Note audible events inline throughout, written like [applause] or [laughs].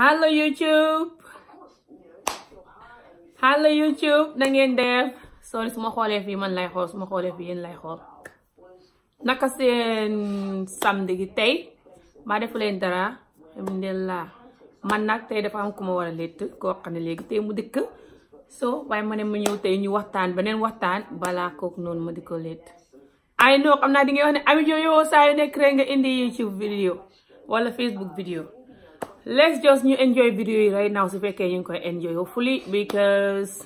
hello YouTube hello YouTube na ngeen def sorry su ma xoolee fii man lay xool su ma xoolee fii yéen lay xool naka seen samedi gi tey maa defu leen dara alhamdulilah man nag tey dafa am ku ma war a létt koo xam ne léegi tey mu dikk so waaye ma ne ma ñëw tey ñu waxtaan neen waxtaan balaa kooku noonu ma di ko létt ay noo xam naa di ngay wax ne Ami Jojo yoo saa yu nekk rek nga indi YouTube vidéo wala Facebook vidéo let's just you enjoy video yi right now su fekkee ñu ngi koy enjoy hopefully because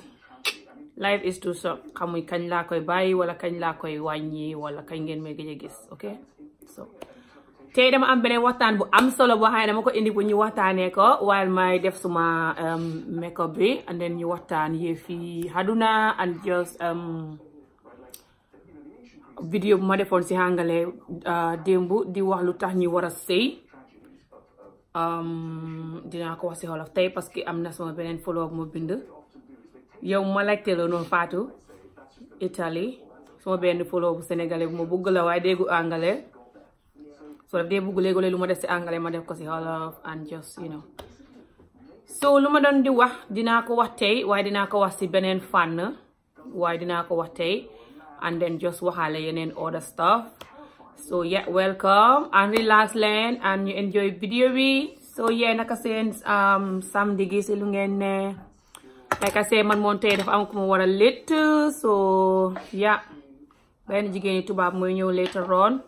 life is too short xamuy kañ laa koy bàyyi wala kañ laa koy wàññi wala kañ ngeen may gëj a gis ok dama am beneen waxtaan bu am solo boo xam ne dama ko indi bu ñu waxtaanee ko while may def suma um, makeup bi and then ñu waxtaan yëfi haduna and just um, bu ma defoon si hàngale uh, démb di wax lu tax ñu war a sëy dinaa ko wax si xolof tey parce que am na sama beneen follow mu bind yow ma laajte la noonu Fatou Italie sama benn follow bu sénégalais bu ma bëgg la waaye déggu anglais so def dee bëgg léegi lu ma def si anglais ma def ko si xolof and just you know so lu ma di wax dinaa ko wax tey waaye dinaa ko wax si beneen fànn waaye dinaa ko wax tey and then just waxaale yeneen other stuff so yeah welcome and relax leen and you enjoy video bi so yeah naka seen um, samedi gi si lu ngeen ne like I say man moom tey am ku war a létt so yeah benn jigéeni tubaab mooy ñëw later on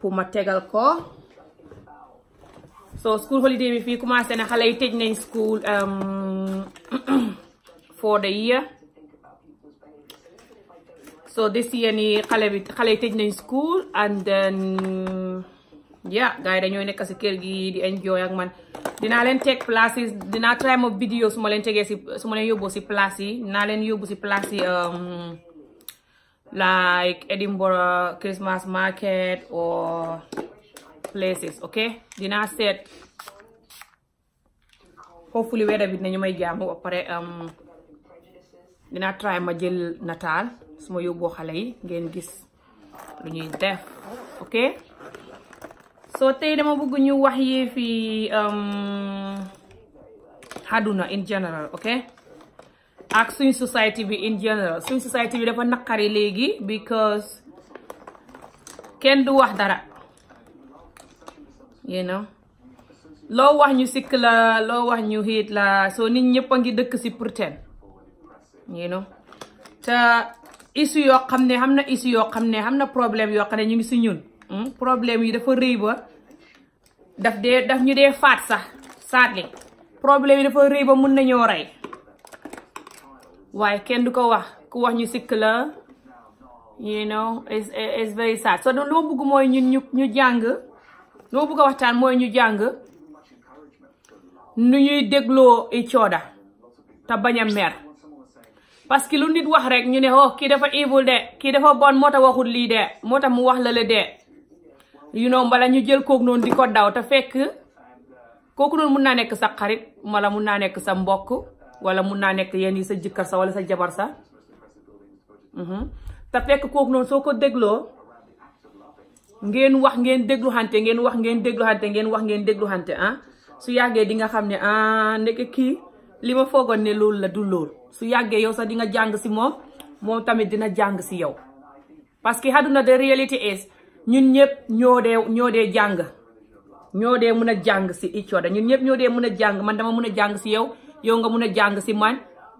pour ma tegal ko so school holiday bi fii commencé na xale yi tëj nañ school um, [clears throat] for the year so this year nii xale yi tëj nañ school and then yeah gars yi dañoo nekk si kër gi di enjoy ak man dinaa leen teg place yi dinaa try ma vidéo su ma leen tegee si su ma leen si place yi dinaa leen yóbbu si place yi um, like Edinburgh Christmas market or places ok dinaa seet hopefully weather bi dinañu may jàmm ba pare um, dinaa try ma jël nataal su ma yóbboo xale yi ngeen gis lu ñuy def ok soo tey dama bëgg ñu wax yi fii um, àdduna in general ok ak suñ society bi in general suñ society bi dafa naqari léegi because kenn du wax dara you know loo wax ñu sikk la loo wax ñu xiit la soo nit ñëpp a ngi dëkk si pour ten you te issue yoo xam ne xam na issue yoo xam ne xam na problème yoo xam ne ñu ngi si ñun hmm? problème yi dafa rëy daf dee daf ñu dee faat sax sadly problème yi dafa rëy ba mun nañoo rey waaye kenn du ko wax ku wax ñu sikk la you know it's mooy ñun ñu ñu jàng lu ma a waxtaan mooy ñu jàng nu ñuy dégloo i te bañ a mer parce que lu nit wax rek ñu ne oh kii dafa evil de kii dafa bon moo tax waxul lii de moo tax mu wax la le de yu know mbala ñu jël kooku noon di ko daw te fekk kooku noonu mun naa nekk sa xarit mun naa nekk sa mbokk wala mun naa nekk yenn yi sa jëkkër sa wala sa jabar sa mhm. te fekk kooku noonu soo ko dégloo ngeen wax ngeen déglu xante ngeen wax ngeen déglu xante ngeen wax ngeen déglu xante ah su yàggee di nga xam ne ah ndeke kii li ma foogoon ne loolu la du lool su yàggee yow sax di jàng si moom moom tamit dina jàng si yow parce que àdduna de réalité is ñun ñëpp ñoo dee ñoo dee jàng ñoo dee mun a jàng si each other ñun ñëpp ñoo dee mun a jàng man dama mun a jàng si yow yow nga mun a jàng si man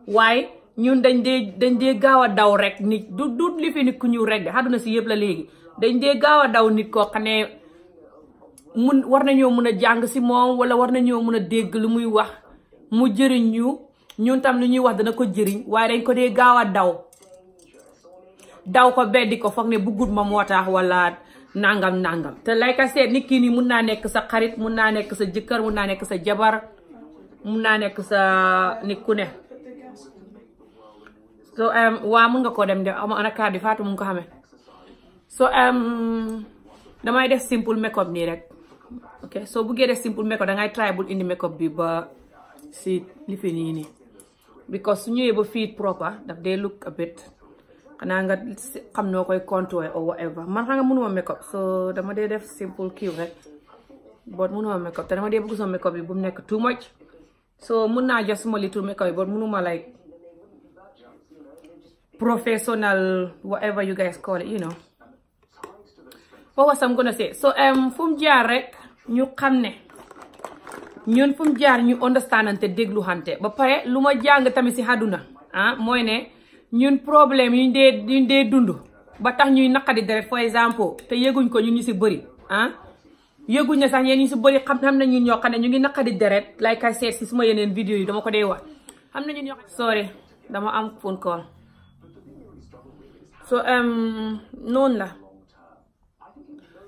waaye ñun dañ dee dañ dee gaaw a daw rek nit du du li nit ku ñëw rek de àdduna si yëpp la léegi dañ dee gaaw a daw nit koo xam ne mun war nañoo mun a jàng si moom wala war nañoo mun a dégg lu muy wax mu jëriñ ñu ñun tam lu ñuy wax dana ko jëriñ waaye dañ ko dee gaaw a daw daw ko beddi ko foog ne buggut ma moo tax wala nangam nangam te like I said nit mun naa nekk sa xarit mun naa nekk sa jëkkër mun naa nekk sa jabar mun naa nekk sa nit ku ne so um, waa mun nga koo dem de ama ana carte bi Fatou mu ngi ko xamee so um, damay def simple makeup nii rek ok soo buggee de simple makeup dangay try bul indi makeup bi ba si li nii nii because su ñëwee ba fii proper daf dee look a bit xanaa nga xam noo koy contour or whatever man xam nga mënuma make up so dama dee def simple kiiw rek but mënuma make up te dama dee bëgg sama make up bu mu nekk too much so mun naa just suma little make up yi but mënuma like professional whatever you guys call it you know what was so fu jaar rek ñu xam ne ñun fu jaar ñu déglu dégluwante ba pare lu ma jàng tamit si àdduna ah mooy ne ñun problème yuñ dee yuñ dee dund ba tax ñuy naqadi deret for exemple te yëguñ ko ñun ñu si bëri ah. yëguñ ne sax yéen ñu si bëri xam xam na ñun ñoo xam ne ñu ngi naqadi deret lay kay seet si suma yeneen vidéo yi dama ko dee wax xam na ñun ñoo sorry dama am phone call so um, noonu la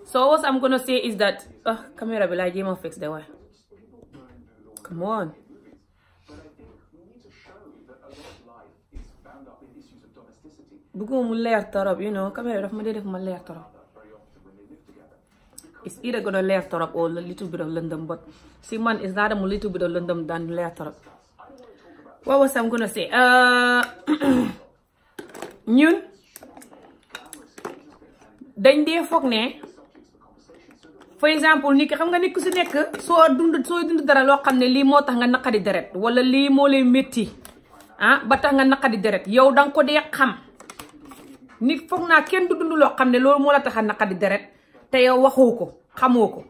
so what I'm gonna say is that ah caméra bi laa jéem a fix de waay Come on. mu leer torop you know caméra daf ma dee def ma leer torop it's either gonna leer torop or little bit of lëndëm but si man it's not a little bit of lëndëm than leer torop what was I'm gonna say uh, [clears throat] ñun dañ dee foog ne par exemple nit xam nga nit ku si nekk soo dund soo dund dara loo xam ne lii moo tax nga naqadi deret wala lii moo lay metti ah ba tax nga naqadi deret yow danga ko dee xam nit foog naa kenn du dund loo xam ne loolu moo la tax a naqadi deret te yow waxoo ko xamoo ko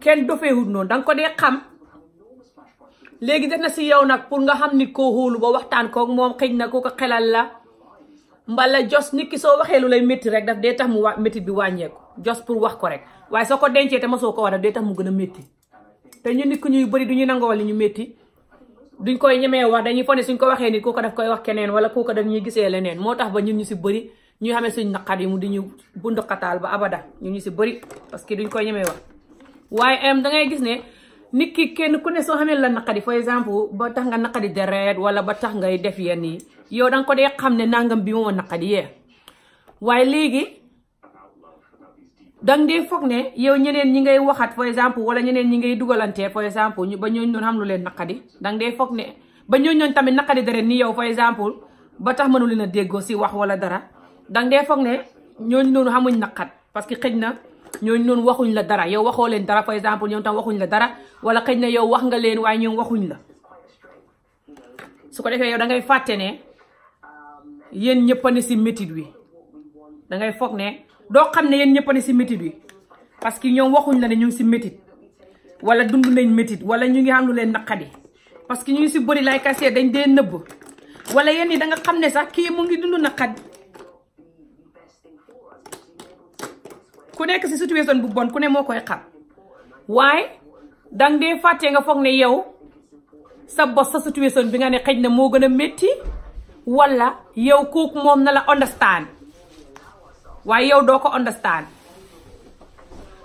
kenn dofeewut noonu da ko dee xam léegi def na si yow nag pour nga xam nit koo ba waxtaan kook moom xëj na ko ko xelal la mbala jos nit ki soo waxee lu lay métti rek daf dee tax mu wa métti bi wàññeeku. jos pour wax ko rek waaye soo ko dencee te mosoo ko war a dee tax mu gën a métti te ñu nit ku ñuy bëri du ñu nangoo li ñu métti duñ koy ñemee wax dañuy fone suñ ko waxee ni kooku daf koy wax keneen wala kooku daf gisee leneen moo tax ba ñun ñu si bëri ñu xamee suñ naqar yi mu di ñu bund xataal ba abada ñun ñu si bëri parce que duñ koy ñemee wax waaye da ngay gis ne nit ki kenn ku ne soo xamee la naqari par exemple ba tax nga naqari deret wala ba tax ngay def yenn yi yow da nga ko dee xam ne nangam bi moo naqari yee waaye dang dee foog ne yow ñeneen ñi ngay waxat for exemple wala ñeneen ñi ngay dugalantee for exemple ñu ba ñooñ noonu xam lu leen naqadi dang dee foog ne ba ñooñ noonu tamit naqadi dara ni yow for exemple ba tax mënu leen a déggoo si wax wala dara dang dee foog ne ñooñ noonu xamuñ naqat parce que xëj na ñooñ noonu waxuñ la dara yow waxoo leen dara for exemple ñoom tam waxuñ la dara wala xëj na yow wax nga leen waaye ñoom waxuñ la su ko defee yow dangay ngay fàtte ne yéen ñëpp a ne si métit wi da foog ne doo xam ne yéen ñëpp si métit bi parce que ñoom waxuñ la ne ñu ngi si métit wala dund nañ métit wala ñu ngi am lu leen naqadi parce que ñu ngi si bëri lay kase dañ dee nëbb wala yéen yi da nga xam ne sax kii mu ngi dund naqad ku nekk si situation bu bon ku ne moo koy xam waaye dang dee fàttee nga foog ne yow sa bos sa situation bi nga ne xëj na moo gën a métti wala yow kooku moom na la understand waaye yow doo ko understand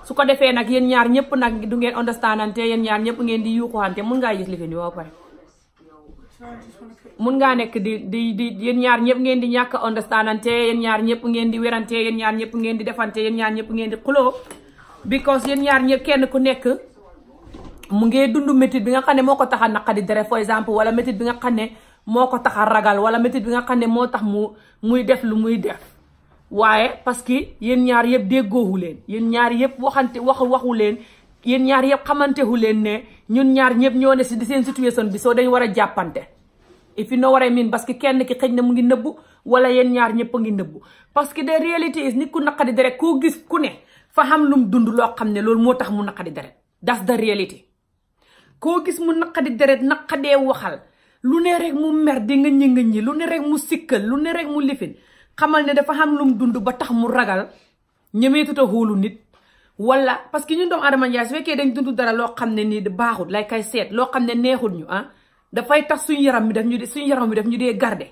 su ko defee nag yéen ñaar ñëpp nag du ngeen understandante yéen ñaar ñëpp ngeen di yuuxuwante mun ngaa gis li fi nii ba pare mun ngaa nekk di di di yéen ñaar ñëpp ngeen di ñàkk understandante yéen ñaar ñëpp ngeen di werante yéen ñaar ñëpp ngeen di defante yéen ñaar ñëpp ngeen di xuloo because yéen ñaar ñëpp kenn ku nekk mu ngee dund métit bi nga xam ne moo ko tax a naqadi dere for exemple wala métit bi nga xam ne moo ko tax a ragal wala métit bi nga xam ne moo tax mu muy def lu muy def waaye parce que yéen ñaar yëpp déggoowu leen yéen ñaar yëpp waxante wax waxu leen yéen ñaar yëpp xamantewu leen ne ñun ñaar ñëpp ñoo ne si di seen situation bi soo dañ war a jàppante if you know what parce que kenn ki xëj na mu ngi nëbbu wala yéen ñaar ñëpp a ngi nëbbu parce que the reality is nit ku naqadi deret koo gis ku ne fa xam lum dund loo xam ne loolu moo tax mu naqadi deret that's the reality koo gis mu naqadi deret naqadee waxal lu ne rek mu mer di nga ñi nga ñi lu ne rek mu sikkal lu ne rek mu lifin xamal ne dafa xam lum dund ba tax mu ragal ñemeetut a xóolu nit wala parce que ñun doomu aadama njaay su fekkee dañ dund dara loo xam ne nii baaxut lay kay seet loo xam ne neexut ñu ah dafay tax suñu yaram mi daf ñu dee suñu yaram mi daf ñu dee garder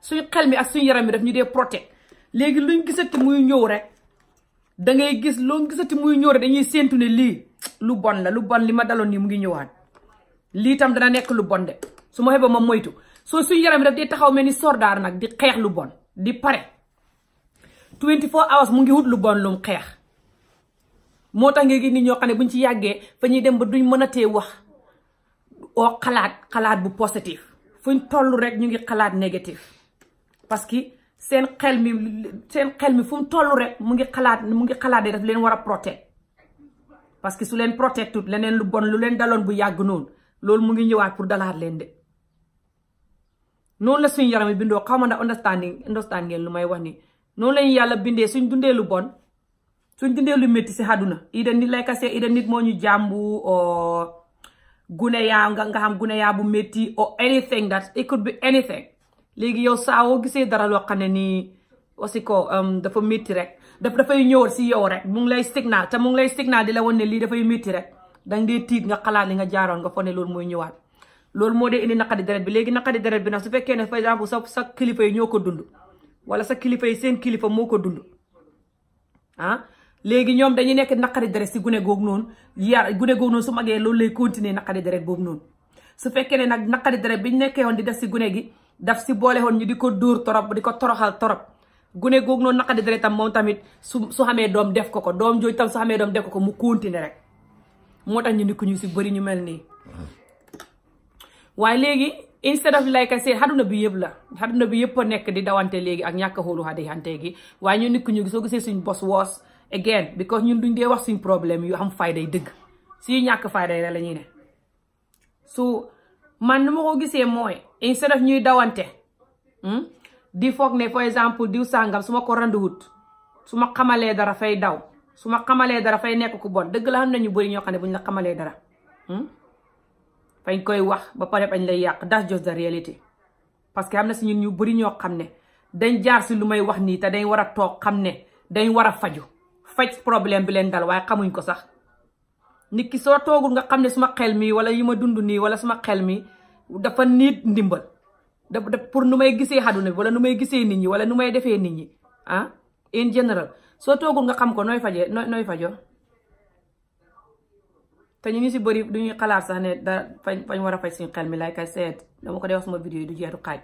suñu xel mi ak suñu yaram mi daf ñu dee protéger léegi luñ gisati muy ñëw rek da ngay gis loo gisati muy ñëw rek dañuy séentu ne lii lu bon la lu bon li ma daloon nii mu ngi ñëwaat lii tam dana nekk lu bon de su ma xeboo ma moytu soo suñu yaram mi daf dee taxaw mel ni soldaar nag di xeex lu bon. di pare 24 hours mu ngi wut lu bon lum xeex moo tax nga gis nit ñoo xam ne buñ ci yàggee fa ñuy dem ba duñ mën a tee wax oo xalaat xalaat bu positif fuñ toll rek ñu ngi xalaat négatif parce que seen xel xel mi fu mu toll rek mu ngi xalaat mu ngi xalaat daf leen war a protéger parce que su leen protéger tout leneen lu bon lu leen daloon bu yàgg noonu loolu mu ngi ñëwaat pour dalaat leen de. noonu la suñu yaram bindoo xaw na ndax understanding understand lu may wax nii noonu lay yàlla bindee suñ dundee lu bon suñ dundee lu métti si àdduna ida nit lay kase ida moo ñu jàmbu gune yaa nga nga xam gune yaa bu métti or anything léegi yow saawoo gisee dara loo xam ne nii aussi ko um, dafa metti rek daf dafay ñëw si yow rek mu ngi lay signal te mu ngi lay signal di la wan ne lii dafay métti rek danga dee tiit nga xalaat ni nga jaaroon nga foog loolu mooy ñëwaat loolu moo dee indi naqari deret bi léegi naqari deret bi nag su fekkee ne par exemple sa sa kilifa yi ñoo ko dund wala sa kilifa yi seen kilifa moo ko dund ah léegi ñoom dañu nekk naqari deret si gune googu noonu yar gune googu noonu su magee loolu lay continuer naqari deret boobu noonu su fekkee ne nag naqari bi ñu nekkee woon di def si gune gi daf si boole woon ñu di ko dóor torop di ko toroxal torop gune goog noonu naqadi deret tam moom tamit su su xamee doom def ko ko doom jooju tam su xamee doom def ko ko mu continuer rek moo tax ñu ni ko ñu si bari ñu mel nii waaye léegi instead of like I said xaduna bi yëpp la xaduna bi yëpp a nekk di dawante léegi ak ñàkk a xoolu xadihante gi waaye ñu nikk ñu soo gisee suñ bos woos again because ñun duñ dee wax suñ problème yu am fayday dëgg si ñàkk fayday la ñuy ne man nu ma ko gisee mooy instead of ñuy dawante hmm, di foog ne for exemple di sàngam su ma ko randuwut su ma xamalee dara fay daw su ma xamalee dara fay nekk ku bon dëgg la xam nañu bëri ñoo xam ne buñ la xamalee dara hmm. bañ koy wax ba pare bañ lay yàq that's just the reality parce que am na si ñun ñu bëri ñoo xam ne dañ jaar si lu may wax nii te dañ war a toog xam ne dañ war a faju faj problème bi leen dal waaye xamuñ ko sax nit ki soo toogul nga xam ne suma xel mi wala yi ma dund nii wala suma xel mi dafa niit ndimbal da pour nu may gisee àdduna bi wala nu may gisee nit ñi wala nu may defee nit ñi ah en soo toogul nga xam ko nooy fajee nooy nooy fajoo te ñu ngi si bëri du ñuy xalaat sax ne da fañ fañ war a fay suñu xel mi like I dama ko dee wax sama vidéo yi du jeetu xaaj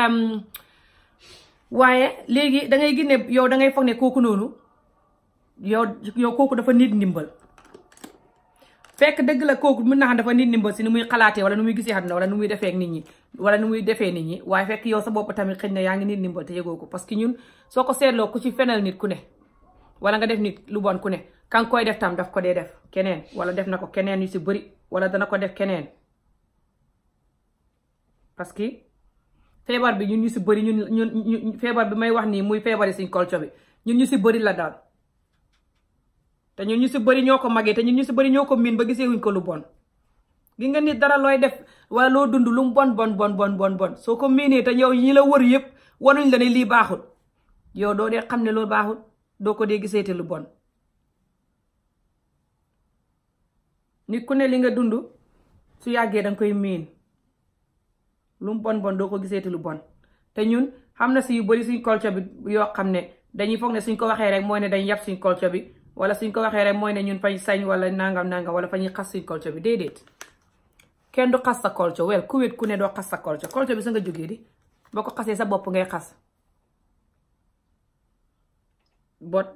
um, waaye léegi da ngay gis yow da ngay foog kooku noonu yow yow kooku dafa nit ndimbal fekk dëgg la kooku mën naa xam dafa muy xalaatee wala nu muy gisee àdduna wala nu muy defee nit ñi wala nu muy defee nit ñi waaye fekk yow sa tamit xëy na yaa ngi nit ndimbal te yëgoo ko que ñun soo ko seetloo ku ci fenal nit ku ne wala nga def nit lu bon ku ne kan koy def tam daf ko dee def keneen wala def na ko keneen yu si bëri wala dana ko def keneen parce que feebar bi ñun ñu si bëri ñu ñun feebar bi may wax nii muy feebar yi suñ culture bi ñu ñu si bëri la daal te ñun ñu si bëri ñoo ko màggee te ñun ñu si bëri ñoo ko miin ba gisee wuñ ko lu bon gi nga nit dara looy def wala loo dund lu bon bon bon bon bon bon soo ko miinee te yow ñi la wër yëpp wanuñ la ne lii baaxul yow doo dee xam ne loo baaxul doo ko dee lu bon. nit ku ne li nga dund su yàggee danga koy miin lu mu bon bon doo ko giseeti lu bon te ñun xam na si yu bëri suñ culture bi yoo xam ne dañuy foog ne suñ ko waxee rek mooy ne dañ yàpp suñ culture bi wala suñ ko waxee mooy ne ñun fañ sañ wala nangam nangam wala fa ñuy xas suñ culture bi déedéet kenn du xas sa culture wel ku wet ku ne doo xas sa culture culture bi sa nga jógee di boo ko xasee sa bopp ngay xas bot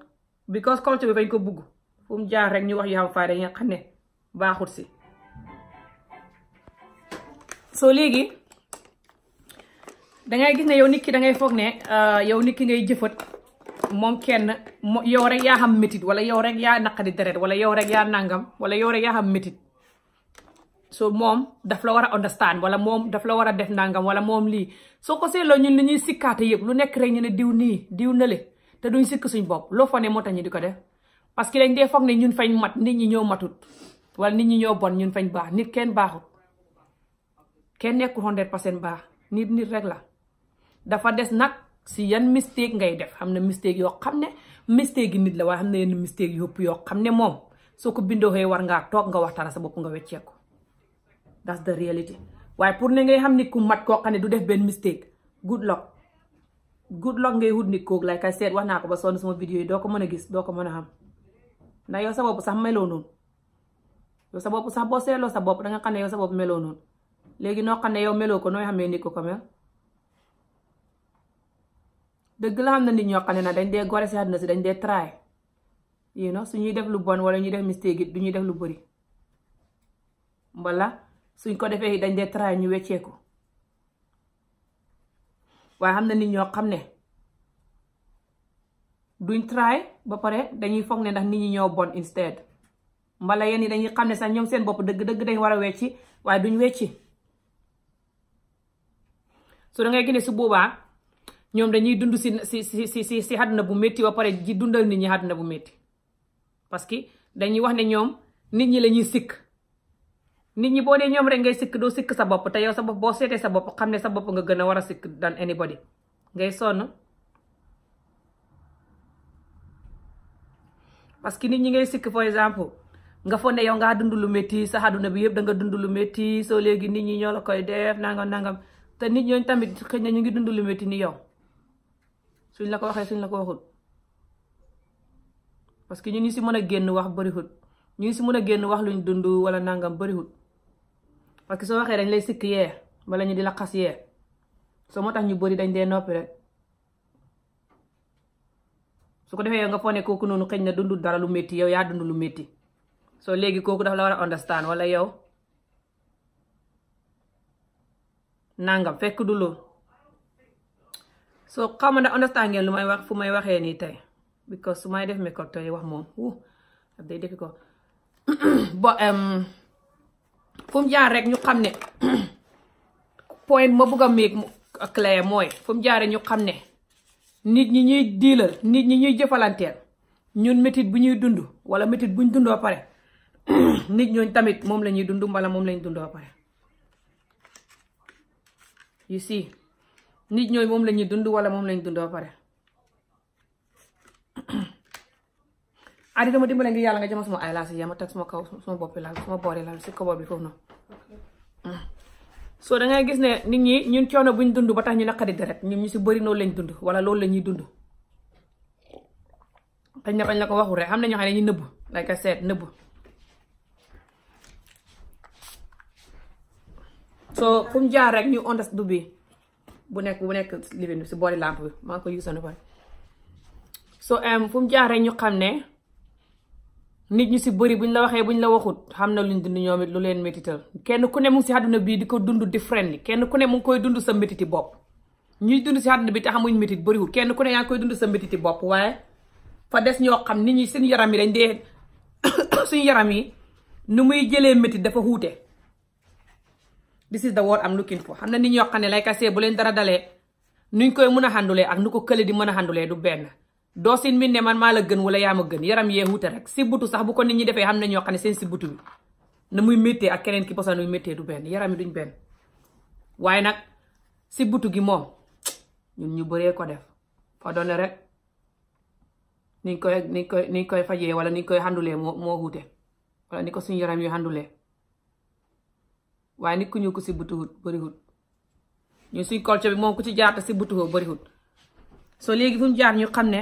because culture bi fañ ko bugg fu mu jaar rek ñu wax yu xam faay dañuy xam ne baaxut si soo léegi dangay gis ne yow nit ki dangay foog ne uh, yow ni ki ngay jëfat moom kenn yow rek yaa xam métit wala yow rek yaa naqadi deret wala yow rek yaa nangam wala yow rek yaa xam métit soo moom daf la war a understand wala moom daf la war a def nangam wala moom lii soo ko seetloo ñun li ñuy sikkaate yëpp lu nekk rek ñu ne diw nii diw nale te duñ sikk suñ bopp loo fa ne moo tax di ko def parce que dañ dee foog ne ñun fañ mat nit ñi ñoo matut wala nit ñi ñoo bon ñun fañ baax nit kenn baaxut kenn nekkul hundred percent baax nit nit rek la dafa des nag si yan mistake ngay def xam ne mistake yoo xam ne mistake yi la waaye ne yenn mistake yu yoo xam ne moom soo ko bindoo xëy war ngaa toog nga waxtaan sa bopp nga wecceeku that's the reality waaye pour ne ngay xam nit ku mat koo xam du def benn mistake good luck good luck ngay wut nit kooku like I said wax naa ko ba sonn sama vidéo yi doo ko mën a gis doo ko mën a xam ndax yow sa bopp sax meloo noonu yow sa bopp sax boo seetloo sa bopp danga xam ne yow sa bopp meloo noonu léegi noo xam ne yow meloo ko nooy xamee nit ko ko mel dëgg la xam na nit ñoo xam ne dañ dee gore si si dañ dee try you know su ñuy def bon wala ñuy def mistake it du ñuy def lu bëri suñ ko defee dañ dee try ñu weccee ko na nit ñoo xam ne duñ try ba pare dañuy foog ne ndax nit ñi ñoo bon instead mbala yéen yi dañuy xam ne sax ñoom seen bopp dëgg-dëgg dañ war a wecci waaye duñ wecci su da ngay su boobaa ñoom dañuy dund si si si si àdduna bu métti ba pare ji dundal nit ñi àdduna bu métti parce que dañuy wax ne ñoom nit ñi la ñuy sikk nit ñi boo dee ñoom rek ngay sikk doo sikk sa bopp te yow sa bopp boo seetee sa bopp xam ne sa bopp nga gën a war a sikk dan anybody ngay sonn parce que nit ñi ngay sikk par exemple nga foog ne yow ngaa dund lu métti sa àdduna bi yëpp danga nga dund lu métti soo léegi nit ñi ñoo la koy def nangam nangam te nit ñooñu tamit xëy na ñu ngi dund lu métti ni yow suñ la ko waxee suñ la ko waxul parce que ñu ñu si mën a génn wax bëriwul ñu ngi si mën a génn wax luñ dund wala nangam bëriwul parce que soo waxee dañ lay sikk yee wala ñu di la yee soo moo tax ñu bëri dañ dee noppi rek su ko defee yow nga foog kooku noonu xëy na dundu dara lu métti yow yaa dund lu métti. soo léegi kooku daf la war a understand wala yow nangam fekk du soo xaw ma ne understand ngeen lu may wax fu may waxee nii tey because su may def makeup tey wax moom wuu ak day ko bo jaar rek ñu xam ne [clears throat] point ma bëgg a make mooy fu mu jaaree ñu xam ne nit ñi ñuy diilal nit ñi ñuy jëfalanteel ñun métit bu ñuy dund wala metit bu ñu dundoo pare [coughs] nit ñooñ tamit moom la ñuy dund mbala moom lañ dund ba pare you see nit ñooñ moom la ñuy dund wala moom lañ dund ba pare [coughs] Adi dama dimbale ngir yàlla nga jëma suma ay laas yi ma teg suma kaw suma boppi laal suma boori laal si kaw bi foofu noonu mm. so da gis ne nit ñi ñun coono buñ dund ba tax ñu naqari deret ñun ñu si bari noonu lañ dund wala loolu la ñuy dund dañ ne bañ la ko waxul rek xam na ñoo xam nëbb like I said nëbb so fu mu jaar rek ñu ondas du bi bu nekk bu nekk livin bi si boori lampe bi maa ngi ko yuusoon ba so fu mu jaar rek ñu xam ne nit ñu si bëri buñ la waxee buñ la waxut xam na luñ dund ñoom it lu leen métital kenn ku ne mu si àdduna bii di ko dund different ni kenn ku ne mu ngi koy dund sa métiti bopp ñuy dund si àdduna bi te xamuñ métit bëriwul kenn ku ne yaa koy dund sa métiti bopp waaye fa des ñoo xam nit ñi seen yaram yi dañ dee suñu [coughs] yaram yi nu muy jëlee métit dafa wuute this is the word I'm looking for xam na ni ñoo xam ne lay I say bu leen dara dalee nuñ koy mun a xandulee ak nu ko kële di mën a xandulee du benn doo sin min ne man maa la gën wala yaam a gën yaram yee wuute rek sibbutu sax bu ko nit ñi defee xam ne ñoo xam ne seen sibbutu bi na muy méttee ak keneen ki posan muy méttee du benn yaram yi duñ benn waaye nag sibbutu gi moom ñun ñu bëree ko def fa doone rek niñ koy niñ koy niñ koy fajee wala niñ koy xandulee moo moo wuute ni ko suñu yaram yu xandulee waaye nit ku ñëw ko si butuwut bëriwut ñu suñ culture bi moom ku ci jaar te si butuwoo bëriwut soo léegi fu jaar ñu xam ne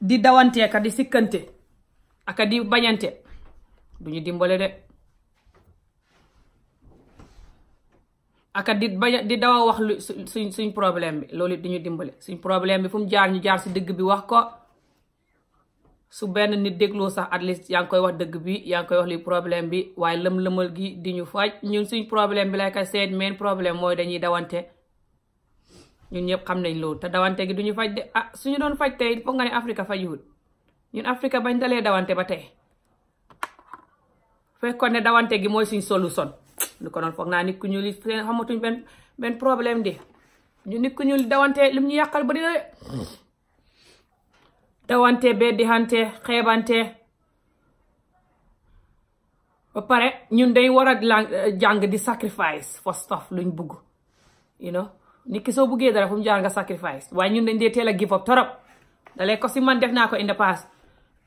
di dawantee ka di sikkante aka di bañante du ñu dimbale de aka di bañ di dawa wax lu suñ suñ problème bi loolu it du ñu dimbale suñ problème bi fu mu jaar ñu jaar si digg bi wax ko su benn nit dégloo sax at least yaa ngi koy wax dëgg bi yaa ngi koy wax li problème bi waaye lëm-lëmal gi di ñu faaj ñu suñ problème bi lay ka seen main problème mooy dañuy dawante ñun ñëpp xam nañ loolu te dawante gi du ñu faj de ah suñu doon faj tey foog nga ne Afrique fajiwul ñun Afrique bañ dalee dawante ba tey fekkoon ne dawante gi mooy suñ solution lu ko noonu foog naa nit ku ñuul yi seen xamatuñ benn problème de ñu nit ku dawante lim ñu yàqal ba de tawante beddihante xeebante ba ñun day war a eh, jàng di sacrifice for luñ bugg you know ki soo buggee dara fu mu jaar nga sacrifice waaye ñun dañ dee teel a give up torop dalee ko si man def naa ko in the past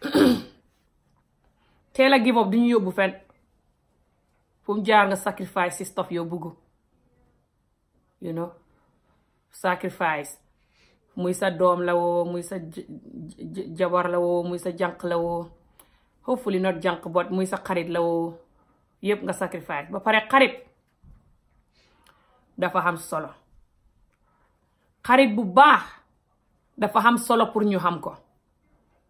[clears throat] teel a give up du ñu yóbbu fen fu mu jaar nga sacrifice si stuff yoo bugg you know sacrifice muy sa doom la woo muy sa jabar la woo muy sa jànq la woo hopefully not jànq bot muy sa xarit la woo yëpp nga sacrifice ba pare xarit dafa am solo xarit bu baax dafa am solo pour ñu xam ko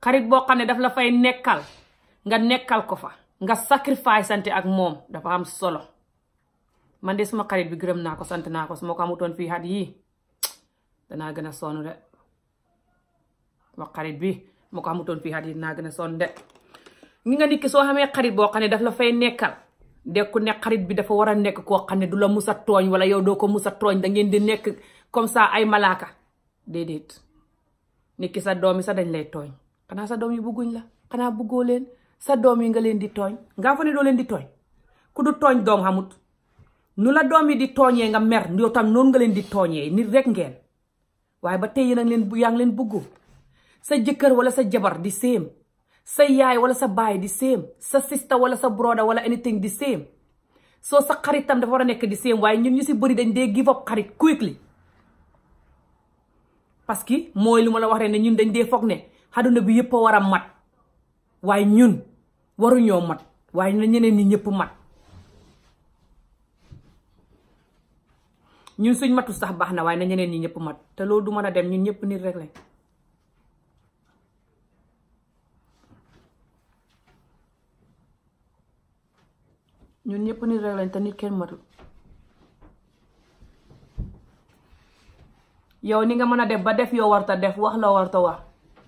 xarit boo xam ne daf la fay nekkal nga nekkal ko fa nga sacrifice sante ak moom dafa am solo man de suma xarit bi gërëm naa ko sant naa ko su ma ko amutoon fii at yii danaa gën a sonn de ma xarit bi ma ko xamutoon fii xarit dinaa gën a sonn ñi nga dikki soo xamee xarit boo xam ne daf la fay nekkal dekku ne xarit bi dafa war a nekk koo xam ne du la mus a tooñ wala yow doo ko mus tooñ da ngeen di nekk comme ça ay malaaka déedéet nit ki sa doom yi sa dañ lay tooñ xanaa sa doom yi bëgguñ la xanaa bëggoo leen sa doom yi nga leen di tooñ nga fa ne doo leen di tooñ ku du tooñ doom xamut nu la doom yi di tooñee nga mer yow tam noonu nga leen di tooñee nit rek ngeen waaye ba tey yéen a leen yaa ngi leen bëgg sa jëkkër wala sa jabar di séem sa yaay wala sa baay di séem sa sista wala sa broda wala anything di séem soo sa xaritam dafa war a nekk di séem waaye ñun ñu si bëri dañ dee give up xarit quickly parce que mooy lu ma la wax rek ne ñun dañ dee foog ne àdduna bi yëpp a war mat waaye ñun waruñoo mat waaye ñeneen ñi ñëpp mat. ñun suñ matul sax baax na waaye na ñeneen ñi ñëpp mat te loolu du mën a dem ñun ñëpp nit rek lañ ñëpp nit lañ te nit kenn matul yow ni nga mën a def ba def yow warta def wax la warta wax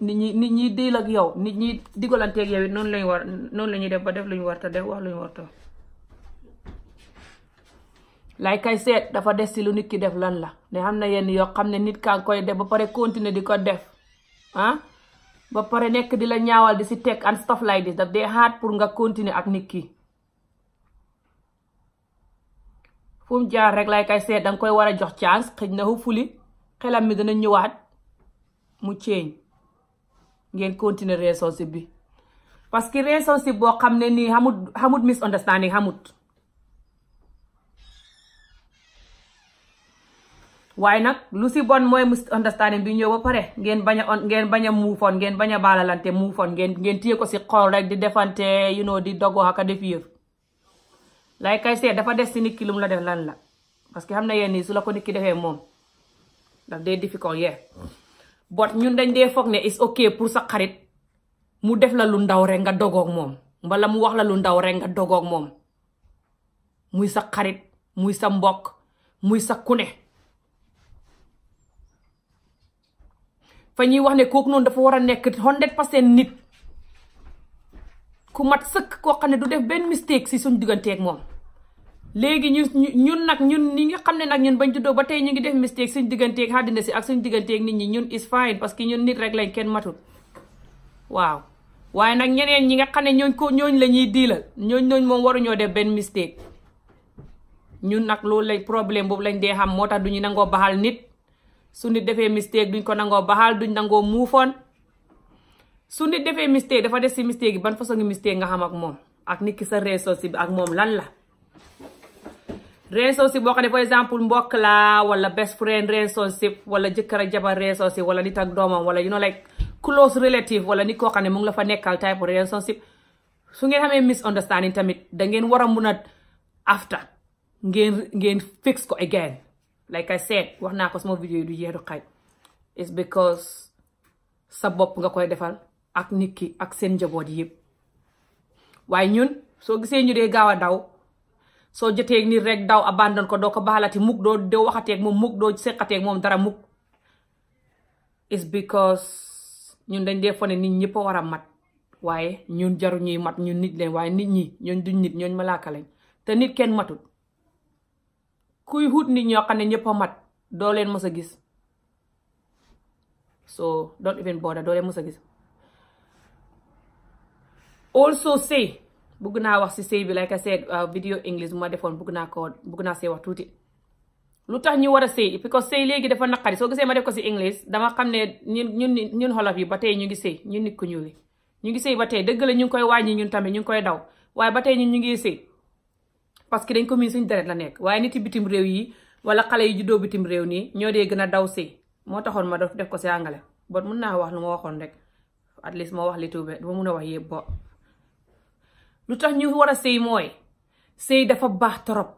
nit ñi nit ñi diil ak yow nit ñi digalanteeg yow it noonu lañ war noonu la ñuy def ba def lu ñu warta def wax lu ñu like I said dafa des si lu nit ki def lan la ne xam na yenn yoo xam ne nit kaa koy def ba pare continuer di ko def ah? ba pare nekk di la ñaawal di si teg and stuff like this daf dee hard pour nga continuer ak nit ki jaar rek lay I said danga koy war a jox chance xëj na fuli xelam mi dana ñëwaat mu change ngeen continuer relationship bi parce que relationship boo xam ne nii xamut xamut misunderstanding xamut waaye nag lu si bon mooy misunderstanding bi ñëw ba pare ngeen bañ a on ngeen bañ a muufoon ngeen baña a baalalante muufoon ngeen ngeen ko si xol rek di defante you know di dogoo ak a def yëf lay kay seet dafa des si nit ki mu la def lan la parce que xam na yéen nii su la ko nit ki defee moom daf dee difficult yee bot ñun dañ dee foog ne is pour sa xarit mu def la lu ndaw rek nga dogoog moom mbala mu wax la lu ndaw rek nga dogoog moom muy sa xarit muy sa mbokk muy sa kune fa ñuy wax ne kooku noonu dafa war a nekk hundred percent nit ku mat sëkk koo xam ne du def benn mistake si suñ digganteek moom léegi ñu ñun nag ñun ñi nga xam ne nag ñun bañ juddoo ba tey ñu ngi def mistake suñ digganteek àddina si ak suñ digganteek nit ñi ñun is fine parce que ñun nit rek lañ kenn matul waaw waaye nag ñeneen ñi nga xam ne ñooñ ko ñooñ la ñuy diilal ñooñ ñooñ moom waruñoo def benn mistake ñun nag loolu lañ problème boobu lañ dee xam moo tax du ñu nangoo baxal nit su nit defee mistake duñ ko nangoo baxal duñ nangoo muufoon su nit defee mistake dafa des si mistake yi ban façon ngi mistake nga xam ak moom ak nit ki sa responsabilité bi ak moom lan la responsabilité boo xam ne par exemple mbokk la wala best friend responsabilité wala jëkkër ak jabar responsabilité wala nit ak doomam wala you know like close relative wala nit koo xam ne mu ngi la fa nekkal type responsabilité su ngeen xamee misunderstanding tamit da ngeen war a mun a after ngeen ngeen fix ko again like I said wax naa ko sama vidéo yi du jeex du xaaj sa bopp nga koy defal ak nit ki ak seen njaboot yëpp waaye ñun soo gisee ñu dee gaaw a daw soo jotee nit rek daw abandon ko doo ko baalati mukk doo doo waxateeg moom mukk doo seqateeg moom dara mukk it's because ñun dañ dee fone nit ñëpp a war a mat waaye ñun jaru ñuy mat ñun nit leen waaye nit ñi ñooñ ñooñ malaaka te nit kenn matut kuy wut nit ñoo xam ne ñëpp a mat doo leen mës a gis so don't even bother doo leen mës a gis also say bëgg naa wax si say bi like I said uh, video English bu defoon bëgg naa ko bëgg naa see wax tuuti lu tax ñu war a sëy because sëy léegi dafa naqari soo gisee ma def ko si English dama xam ne ñun ñun ñun xolof yi ba tey ñu ngi sëy ñun nit ku ñuul ñu ngi sëy ba tey dëgg ñu ngi koy wàññi ñun tamit ñu ngi koy daw waaye ba tey ñun ñu ngi sëy parce que dañ ko miin suñu deret la nekk waaye nit yi bitim réew yi wala xale yi juddoo bitim réew nii ñoo dee gën a daw si moo taxoon ma def ko si àngale bon mun naa wax lu ma waxoon rek at least ma wax li tuube duma a wax yëpp tax ñu war a sëy mooy sëy dafa baax torop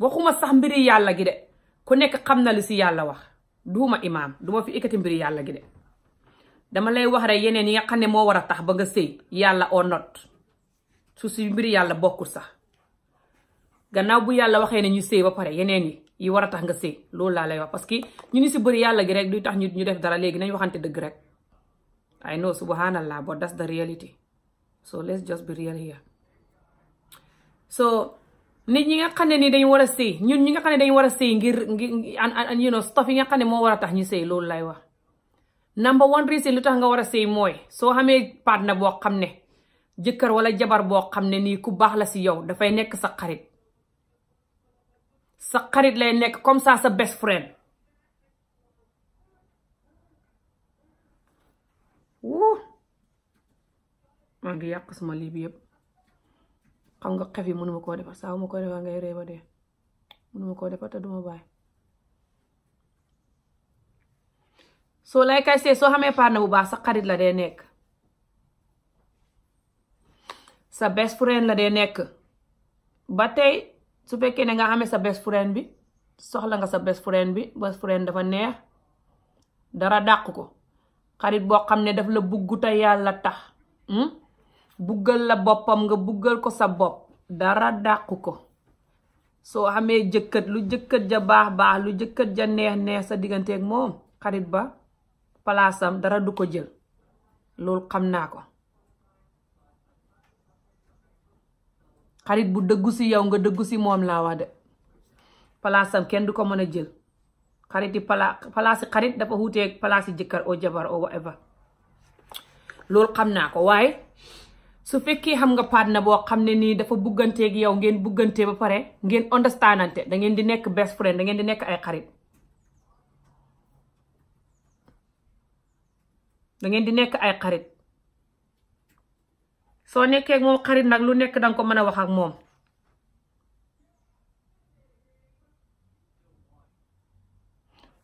waxuma sax mbiri yàlla gi de ku nekk xam na lu si yàlla wax duma fi ikkati mbiri yàlla gi de dama lay wax rek yeneen yi nga xam ne moo war a tax ba nga sëy yàlla or not su si mbiri yàlla bokkul sax gannaaw bu yàlla waxee ne ñu sëy ba pare yeneen yi yi war a tax nga sëy loolu laa lay wax parce que ñu ni si bëri yàlla gi rek duy tax ñu ñu def dara léegi nañ waxante dëgg rek I know subhanallah but that's the so let's just be real here nit ñi nga xam ne ni dañ war a sëy ñun ñi nga xam ne dañ war a sëy ngir ngir you know stuff yi nga xam ne moo war a tax ñu sëy loolu lay wax number one reason lu tax nga war a sëy mooy soo paat na boo xam ne jëkkër wala jabar boo xam ne nii ku baax la si yow dafay nekk sa xarit sa xarit lay nekk comme saa sa best friend wuu maa ngi yàq sama lii yëpp xam nga xef yi mënuma koo defar saa ma koo defar ngay réeba dee mënuma koo defar te duma bàyyi soo lay kay see soo xamee partenaire bu baax sa xarit la dee nekk sa best friend la dee nekk ba tey su fekkee ne nga amee sa best friend bi soxla nga sa best friend bi best friend dafa neex dara dàq ko xarit boo xam ne daf la bugg yàlla tax hmm? buggal la boppam nga buggal ko sa bopp dara dàq ko soo amee jëkkët lu jëkkët ja baax baax lu jëkkët ja neex neex sa digganteeg moom xarit ba palaasam dara du ko jël loolu xam naa ko xarit bu dëggu si yow nga dëggu si moom laa wax de palaasam kenn du ko mën a jël xariti pala palaasi xarit dafa wuuteeg palaasi jëkkër oo jabar oo whatever loolu xam naa ko waaye su fekkee xam nga na boo xam ne nii dafa bugganteeg yow ngeen buggantee ba pare ngeen understandante da ngeen di nekk best friend da ngeen di nekk ay xarit da ngeen di nekk ay xarit soo nekkee moo xarit nag lu nekk danga ko mën a wax ak moom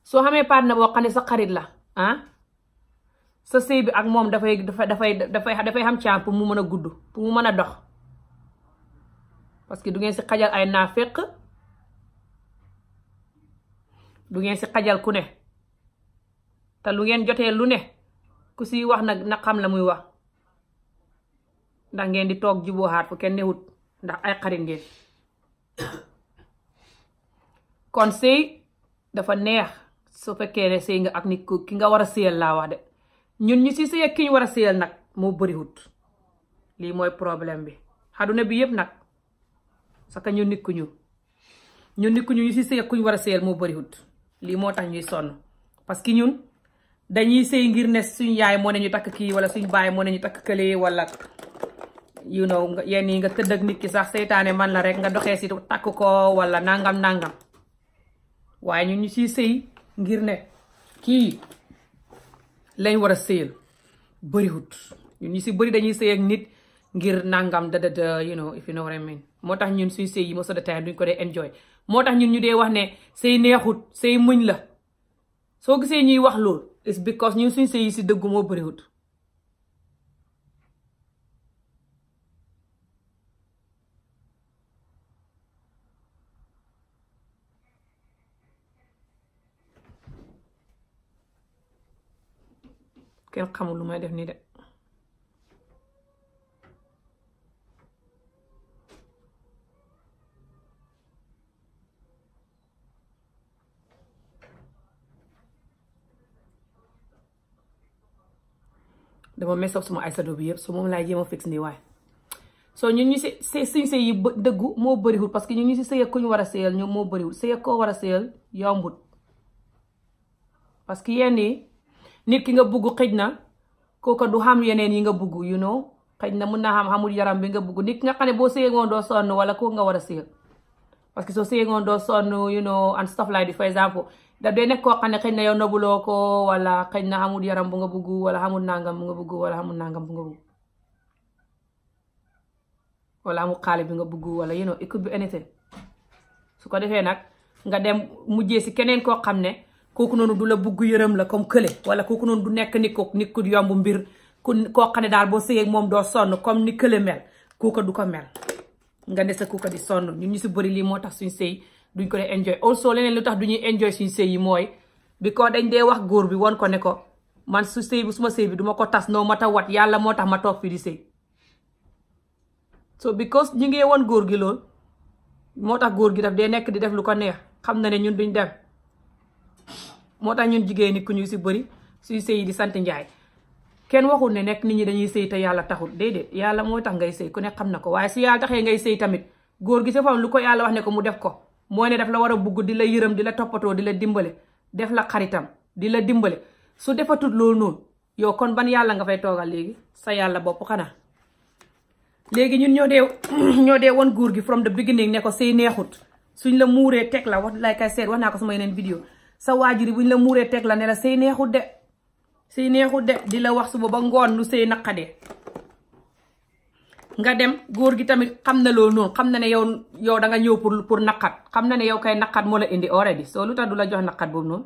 soo xamee na boo xam ne sa xarit la ah, sa sëy bi ak moom dafay dafay dafay dafay xam caan pour mu mën a gudd pour mu mën a dox parce que du ngeen si xajal ay naa naaféq du ngeen si xajal ku ne te lu ngeen jotee lu ne ku si wax nag na xam la muy wax ndax ngeen di toog juboo xaat fu kenn newut ndax ay xarit ngeen kon sëy dafa neex su fekkee ne sëy nga ak nit ki nga war a sëyal laa wax de ñun ñu si sëy ak ki ñu war a sëyal nag moo bëriwut lii mooy problème bi xaduna bi yëpp nag parce que ñun nit ñun nit ku si sëy ak war a sëyal moo lii moo tax ñuy sonn parce que ñun dañuy sëy ngir ne suñ yaay moo ne ñu takk kii wala suñ baay moo ne ñu takk kële wala you know yenn yi nga tëdd ak nit ki sax seytaane man la rek nga doxee si takk ko wala nangam nangam waaye ñun ñu si sëy ngir ne kii lañ war a sëyal bëriwut ñun ñu si bëri dañuy sëy ak nit ngir nangam da da da you know if you know what moo tax ñun suñ sëy yi most of the time moo tax ñun ñu dee wax ne sëy neexut sëy muñ la soo gisee ñuy wax lool it's because ñun suñ sëy si dëggumoo moo bëriwut kenn xamul lu may def nii de dama mess up suma eyeshadow bi yëpp so moom laay jéem a fix nii waaye so ñun ñu si suñ sëy yi dëggu moo bëriwul parce que ñu ñu si sëy ku ñu war a sëyal ñoom moo bëriwul sëy koo war a sëyal yombut parce que yenn nit ki nga bugg xëj na kooka du xam yeneen yi nga bugg you know xëj na mun na xam xamul yaram bi nga bugg nit ki nga xam ne boo séyee ngoon doo sonn wala kooku nga war a séyal parce que soo séyee ngoon doo sonn you know and stuff like for example da day nekk koo xam ne xëj na yow nobuloo ko wala xëj na xamul yaram bu nga bugg wala xamul nangam bu nga bugg wala xamul nangam bu nga bugg wala bi nga bugg wala you know it could anything su ko defee nag nga dem mujjee si keneen koo xam ne kooku noonu du la bugg yërëm la comme kële wala kooku noonu du nekk nit ko nit ku yomb mbir ko koo xam ne daal boo sëyeeg moom doo sonn comme ni kële mel kooka du ko mel nga ne sa kooka di sonn ñun ñu si bëri lii moo tax suñ sëy duñ ko dee enjoy leneen lu tax du ñuy enjoy suñ sëy yi mooy bi ko dañ dee wax góor bi won ko ne ko man su sëy bi suma sëy bi duma ko tas noo ma ta wat yàlla moo tax ma toog fii di sëy so because ñu ngi woon góor gi lool moo tax góor gi daf dee nekk di def lu ko neex xam na ne ñun duñ def moo tax ñun jigéen ñi ku ñu si bëri suy sëy di sant njaay kenn waxul ne nekk nit ñi dañuy sëy te yàlla taxul déedéet yàlla mooy tax ngay sëy ku nekk xam na ko waaye su yàlla taxee ngay sëy tamit góor gi sa fam lu ko yàlla wax ne ko mu def ko mooy ne daf la war a bugg di la yërëm di la toppatoo di la dimbale def la di la dimbale su defatut loolu noonu yow kon ban yàlla nga fay toogal léegi sa yàlla bopp xanaa léegi ñun ñoo dee [clears throat] ñoo woon góor gi from the beginning ne ko sëy neexut suñ la muuree teg la wax lay kay seet wax naa ko sama yeneen vidéo sa waajur yi ñu la muuree teg la ne la say neexut de say neexut de di la wax suba ba ngoon lu say naqadee nga dem góor gi tamit xam na loolu noonu xam na ne yow yow da nga ñëw pour pour naqat xam na ne yow kay naqat moo la indi already soo lu tax du la jox naqat boobu noonu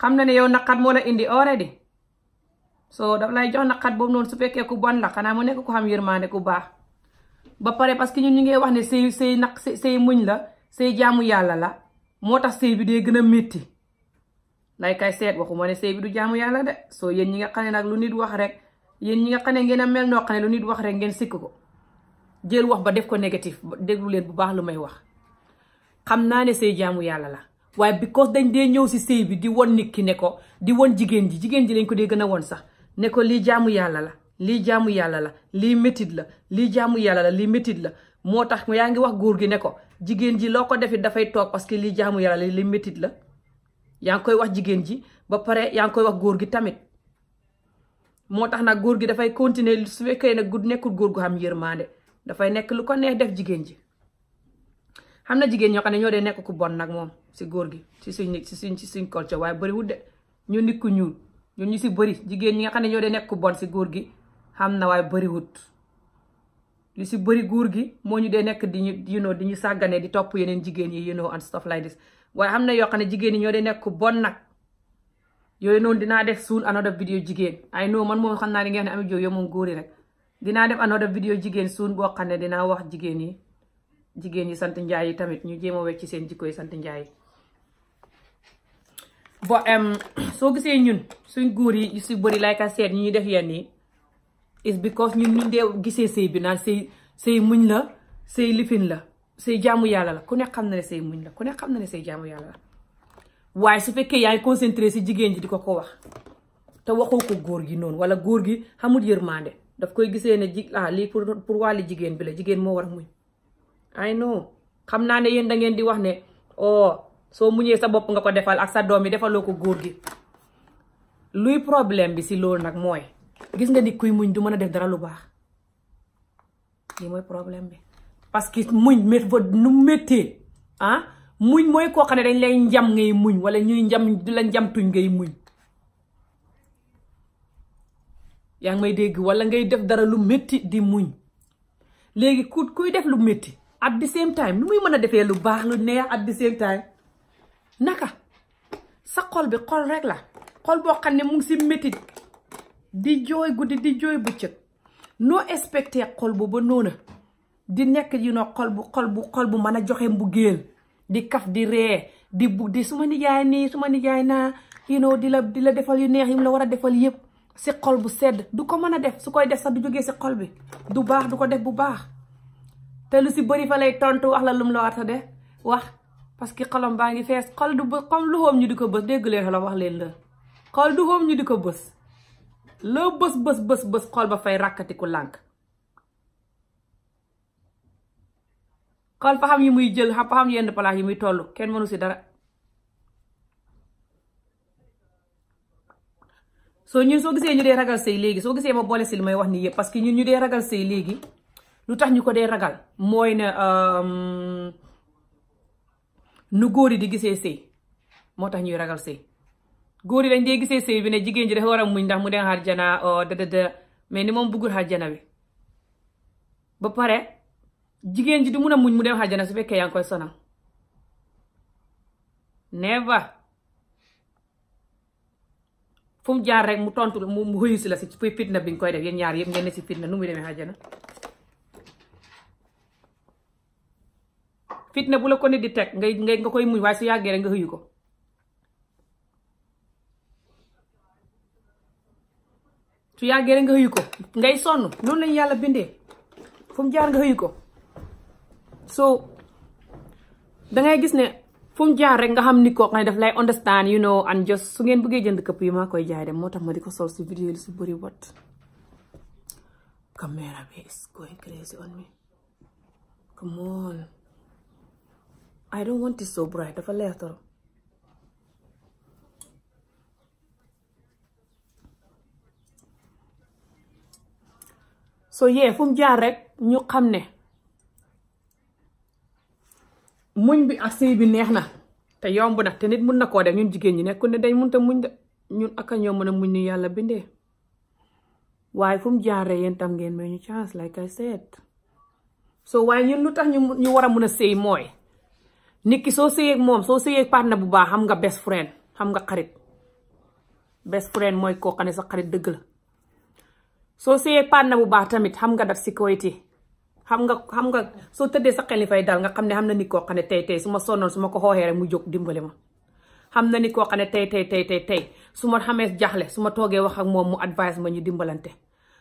xam na ne yow naqat moo la indi already soo daf lay jox naqat boobu noonu su fekkee ku bon la xanaa mu nekk ko xam yërmande ku baax ba pare parce que ñun ñu ngi wax ne say say naq say muñ la say jaamu yàlla la moo tax sëy bi dee gën a métti lay kay seet waxuma ne sëy bi du jàmm yàlla de soo yéen ñi nga xam ne nag lu nit wax rek yéen ñi nga xam ne ngeen a mel noo xam ne lu nit wax rek ngeen sikk ko jël wax ba def ko négatif déglu leen bu baax lu may wax xam naa ne sëy jaamu yàlla la waaye because dañ dee ñëw si sëy bi di won nit ki ne ko di won jigéen ji jigéen ji lañ ko dee gën a won sax ne ko lii jaamu yàlla la lii jaamu yàlla la lii métit la lii jaamu yàlla la lii métit la moo tax yaa ngi wax góor gi ne ko jigéen ji loo ko defit dafay toog parce que lii jaamu yàlla li métit la yaa ngi koy wax jigéen ji ba pare yaa ngi koy wax góor gi tamit moo tax nag góor gi dafay continuer su fekkee nag gu nekkul góor gu xam yërmande dafay nekk lu ko neex def jigéen ji xam na jigéen ñoo xam ne ñoo dee nekk ku bon nag moom si góor gi si suñ si suñ si suñ culture waaye bëriwul de ñu nit ku ñuul ñun ñu si bëri jigéen ñi nga xam ne ñoo dee nekk ku bon si góor gi xam na waaye bariwut lu si bëri góor gi moo ñu dee nekk di ñu you di ñu sàggane di topp yeneen jigéen yi you know and stuff like this waaye xam na yoo xam ne jigéen yi ñoo dee nekk bon nag yooyu noonu dinaa def soon another video jigéen ay no man moom xam naa li nga ne Amie Jobe yow moom góor yi rek dinaa def another video jigéen suun boo xam ne dinaa wax jigéen yi jigéen yi sant njaay yi tamit ñu jéem a wecc ci seen jikko yi sant njaay bo soo gisee ñun suñ góor yi yu si bëri like I said ñu ñu def yenn yi is because ñun ñu dee gisee sëy bi naan sëy sëy muñ la sëy lifin la sëy jàmm yàlla la ku ne xam na ne sëy muñ la ku ne xam na ne sëy jaamu yàlla la waaye su fekkee yaay concentré si jigéen ji di ko ko wax te waxoo ko góor gi noonu wala góor gi xamul yërmande daf koy gisee ne ji ah lii pour pour wàllu jigéen bi la jigéen moo war muñ ay non xam naa ne yéen da ngeen di wax ne oh soo muñee sa bopp nga ko defal ak sa doom yi defaloo ko góor gi luy problème bi si loolu nag mooy gis nga nit kuy muñ du mën a def dara lu baax lii mooy problème bi parce que muñ mét nu méttee ah muñ mooy koo xam ne dañ lay njam ngay muñ wala ñuy njam di la njamtuñ ngay muñ yaa ngi may dégg wala ngay def dara lu métti di muñ léegi ku kuy def lu métti at the same time nu muy mën a defee lu baax lu neex at the same time naka sa xol bi xol rek la xol boo xam ne mu ngi si métti di jooy guddi di jooy bëccëg noo expecté xol bu ba noona di nekk yi noo xol bu xol bu xol bu mën a joxe mbugéel di kaf di ree di bu di su ma nii su ma nijaay naa yi no di la di la defal yu neex yi la war a defal yëpp si xol bu sedd du ko mën a def su koy def sax du jógee si xol bi du baax du ko def bu baax te lu si bëri fa lay tontu wax la lum la war a de wax parce que xolom baa ngi fees xol du bë xol ñu di ko bës dégg leen wax leen la xol du xoom ñu di ko bës loo bës bës bës bës xol ba fay ku lànk xol fa yi muy jël fa xam yenn palaas yi muy toll kenn mënu si dara soo ñun soo gisee ñu dee ragal sëy léegi soo gisee ma boole si li may wax nii yëpp parce que ñun ñu dee ragal sëy léegi lu tax ñu ko dee ragal mooy ne euh, nu góor yi di gisee sëy moo tax ñuy ragal sëy góor yi dañ dee gisee sëy bi ne jigéen ji dafa war a muñ ndax mu dem xarjana o dëdëdë mais ni moom bëggul xarjana bi ba pare jigéen ji du mun a muñ mu dem xarjana su fekkee yaa koy e sonal never fu jaar rek mu tontu mu mu xëyu si la si fitna bi nga koy def ñaar yëpp ngeen ne si fitna nu muy demee xarjana fitna bu la ko nit di teg ngay nga koy muñ waaye su yàggee rek nga xëyu ko su yàggee rek nga xëyu ko ngay sonn noonu lañu yàlla bindee fu mu jaar nga xëyu so dangay gis ne fu mu jaar rek nga xam ni koo xam ne daf lay understand you know and su ngeen bëggee jënd këpp yi maa koy jaay moo tax ma di ko sol si vidéo yi su bëri wat caméra bi is going crazy on me come on I don't want it so bright dafa leer trop so yee fu jaar rek ñu xam ne muñ bi ak sëy bi neex na te yomb na te nit mun na koo def ñun jigéen ñi nekkul ne day munta muñ de ñun ak a ñoo mën a muñ ni yàlla bindee waaye fu mu jaaree yéen tam ngeen may ñu chance like I said so waaye ñun lu tax ñu ñu war a mun a sëy mooy nit ki soo sëyeeg moom soo sëyeeg partner bu baax xam nga best friend xam nga xarit best friend mooy koo xam ne sa xarit dëgg la. soo seeyee partenaire bu baax tamit xam nga daf sécurité xam nga xam nga soo tëddee sa xel dal nga xam ne xam na nit koo xam ne tey tey su ma sonnoon su ma ko xooxee mu jóg dimbali ma xam na nit koo xam ne tey tey tey tey tey su ma xamee jaxle su ma toogee wax ak moom mu advice ma ñu dimbalante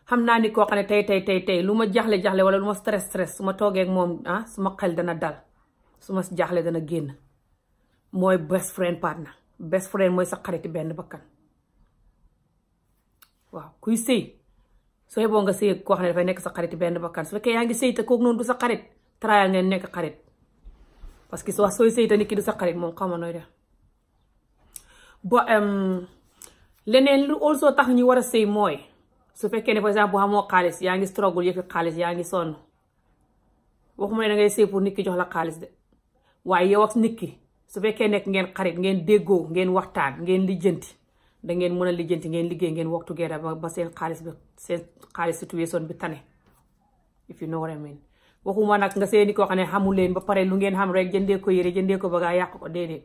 xam naa nit koo xam ne tey tey tey tey lu ma jaxle jaxle wala lu ma stress stress su ma toogee moom ah su ma xel dana dal su ma jaxle dana génn mooy best friend na best friend mooy sa xarit benn bakkan waaw sooy boo nga sëy koo xam ne nekk sa xarit benn bakkan su fekkee yaa ngi sëy te kooku noonu du sa xarit trayal ngeen nekk xarit parce que soo sooy sëy te nit du sa xarit moom xamoon nooy def lu also tax ñu war a sëy mooy su fekkee ne par exemple xamoo xaalis yaa ngi struggle yëfi xaalis yaa ngi sonn waxuma ne da ngay sëy pour nit ki jox la xaalis de waaye yow ak nit ki su fekkee nekk ngeen xarit ngeen déggoo ngeen waxtaan ngeen lijjanti da ngeen mën a lijjanti ngeen liggéey ngeen work together ba ba seen xaalis bi seen xaalis situation bi tane if you know what I mean waxuma nag nga seeni koo xam ne xamu leen ba pare lu ngeen xam rek jëndee ko yére jënde ko ba ngaa yàq ko déedéet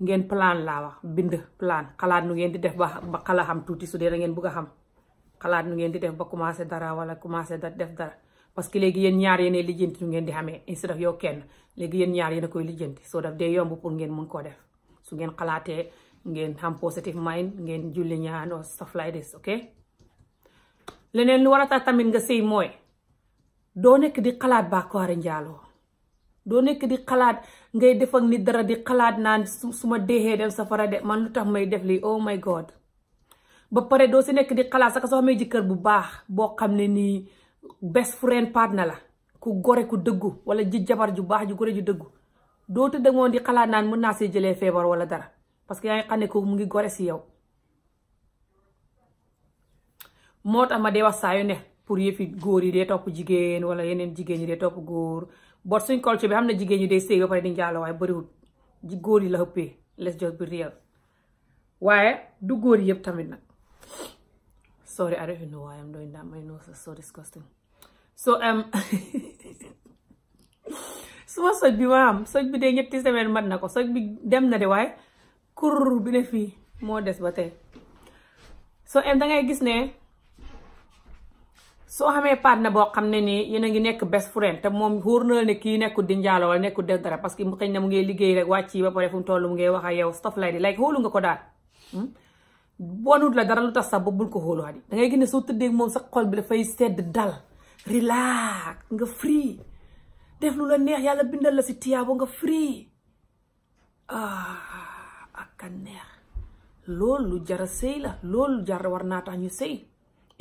ngeen plan laa wax bind plan xalaat nu ngeen di def ba ba xala xam tuuti su dee da ngeen bëgg a xam xalaat nu ngeen di def ba commencé dara wala commencé da def dara parce que léegi yéen ñaar yéenay lijjanti nu ngeen di xamee instead yow kenn léegi yéen ñaar yéen a koy lijjanti soo yomb pour ngeen mun koo def su ngeen ngeen am positive mind ngeen julli ñaan or stuff like this ok leneen lu war tamit nga sëy mooy doo nekk di xalaat bàkkaari njaaloo doo nekk di xalaat ngay def ak nit dara di xalaat naan su ma deexee dem safara de man tax may def lii oh my god pare doo si nekk di xalaat sax soo xamee jëkkër bu baax boo xam ne nii best friend na la ku gore ku dëggu wala ji jabar ju baax ju gore ju dëggu doo tëdd moom di xalaat naan mën naa see jëlee feebar wala dara parce que yaa ngi xam ne kooku mu ngi gore si yow moo tax ma dee wax saa yu ne pour yëfi góor yi dee topp jigéen wala yeneen jigéen ñi dee topp góor bot suñ culture bi xam na jigéen ñi dee séy ba pare di njaaloo waaye bëriwul ji góor yi la ëppee les jos bi réel waaye du góor yëpp tamit nag sorry I don't even know um, [laughs] suma soj bi ma am soj bi dee ñetti semaine mat na ko soj bi dem na de waaye kur bi ne fii moo des ba tey soo em da ngay gis ne soo xamee na boo xam ne nii yéen a ngi nekk best friend te moom wóor na ne kii nekkul di njaalo wala nekkul def dara parce que xëy na mu ngi liggéey rek wàcc yi ba pare fu mu toll mu ngi wax ak yow stuff like xoolu nga ko daal. Hmm? bonut la dara lu tax sax ba bul ko xoolu xadi da gis ne soo tëddee moom sa xol bi dafay sedd dal relax nga free def lu la neex yàlla bindal la si tiyaabo nga free ah. ka neex loolu lu jara sëy la loolu jar war naa tax ñu sëy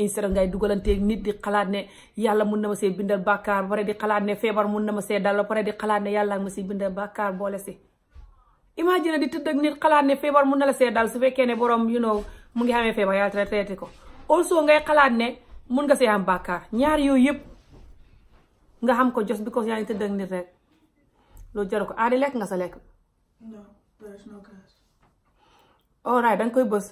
instead ngay dugalanteeg nit di xalaat ne yàlla mun na ma see bindal bàkkaar ba pare di xalaat ne feebar mun na ma see dal ba pare di xalaat ne yàlla ma si bindal bàkkaar boole si imagine di tëdd ak nit xalaat ne feebar mun na la see dal su fekkee ne borom you know mu ngi xamee feebar yàlla traité ko also ngay xalaat ne mun nga see am bàkkaar ñaar yooyu yëpp nga xam ko just because yaa ngi tëdd ak nit rek loolu jaru ko aadi lekk nga sa lekk. alright danga koy bës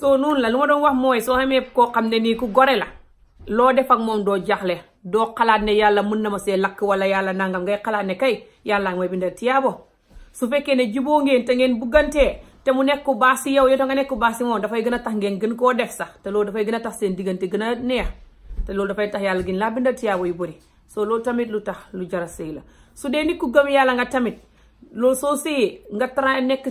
soo noonu la lu ma doon wax mooy soo xamee koo xam ne nii ku gore la loo def ak moom doo jaxle doo xalaat ne yàlla mun na ma see lakk wala yàlla nangam ngay xalaat ne kay yàlla mooy bindal tiyaabo su fekkee ne juboo ngeen te ngeen buggantee te mu nekk ku baax si yow yow nga nekk ku baax si moom dafay gën a tax ngeen gën koo def sax te loolu dafay gën a tax seen diggante gën a neex te loolu dafay tax yàlla gën laa bindal tiyaabo yu bëri soo tamit lu tax lu jara sëy la nga tamit loolu soo see nga try nekk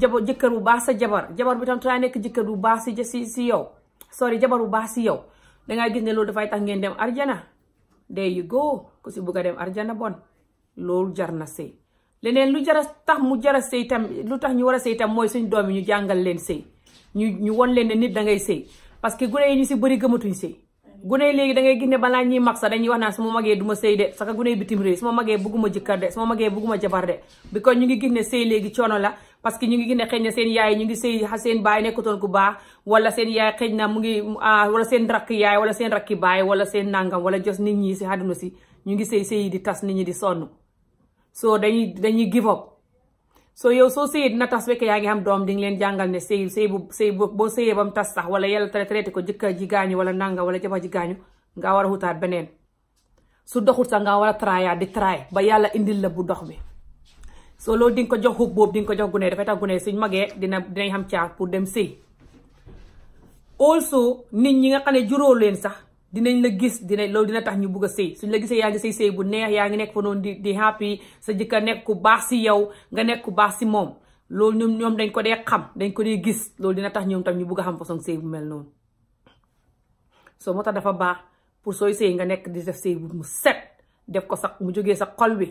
jaba jëkkër bu baax sa jabar jabar bi tam try nekk jëkkër bu baax si si si yow sorry jabar bu baax si yow dangay gis ne loolu dafay tax ngeen dem arjana there you go ku si bugg a dem arjana bon loolu jar na sëy leneen lu jar a tax mu jar a sëy tam lu tax ñu war a sëy tam mooy suñ doom yi ñu jàngal leen sëy ñu ñu won leen ne nit dangay sëy parce que gune yi ñu si bëri gëmatuñ sëy gune léegi da ngay gis ne balaa ñuy mag sax dañuy wax naan su ma magee du ma sëy de saka gune bitim réew su ma magee bëgguma jëkkër de su ma magee bëgguma jabar de bi ñu ngi gis ne sëy léegi coono la parce que ñu ngi gis ne xëy na seen yaay ñu ngi sëy seen baay nekkutoon ku baax wala seen yaay xëy na mu ngi ah, wala seen rakk yaay wala seen rakki baay wala seen nangam wala jos nit ñi si àdduna si ñu ngi sëy sëy yi di tas nit ñi di sonn so dañuy dañuy give soo yow soo sëyee dina tas fekk yaa ngi am doom di leen jàngal ne sëy sëy bu sëy boo sëyee ba mu tas sax wala yàlla traité ko jëkkër ji gaañu wala nanga wala ji gaañu nga war a beneen su doxul sax nga war a di traay ba yàlla indil la bu dox bi soo loolu di ko jox xub boobu di nga ko jox gunee dafay tax gune suñ magee dina dinañ xam caar pour dem sëy also nit ñi nga xam ne juróo leen sax dinañ la gis dinañ loolu dina tax ñu bugg a sëy suñ la gisee yaa ngi sëy sëy bu neex yaa ngi nekk fa noonu di di happy sa jëkkër nekk ku baax si yow nga nekk ku baax si moom loolu ñoom ñoom dañ ko dee xam dañ ko dee gis loolu dina tax ñoom tam ñu bugg a xam façon sëy bu mel noonu soo moo tax dafa baax pour sooy sëy nga nekk di def sëy bu mu set def ko sa mu jógee sa xol bi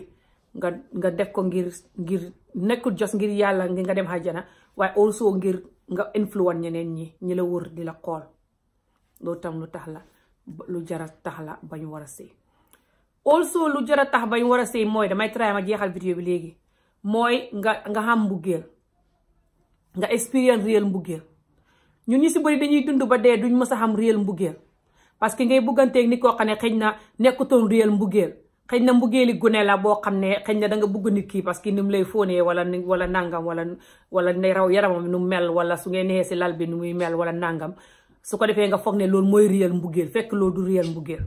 nga nga def ko ngir ngir nekkul jos ngir yàlla nga dem àjjana waaye soo ngir nga influence ñeneen ñi ñi la wër di la xool loolu tam lu tax la lu jara tax la bañ war a sëy also lu jara tax bañ war a sëy mooy damay try a jeexal vidéo bi léegi mooy nga nga xam mbuggeel nga expérience réel mbuggeel ñun ñu si bëri dañuy dund ba dee duñ mës a riel réel mbuggeel parce que ngay bugganteeg ni koo xam ne xëy na nekkutoon réel mbuggeel xëy na mbugeeli gune la boo xam ne xëy na da nga bëgg nit kii parce que ni mu lay fóonee wala wala nangam wala wala ne raw yaramam nu mu mel wala su ngeen neexee si lal bi nu muy mel wala nangam su ko defee nga foog ne loolu mooy réel mbugeel fekk loolu du riyal mbugeel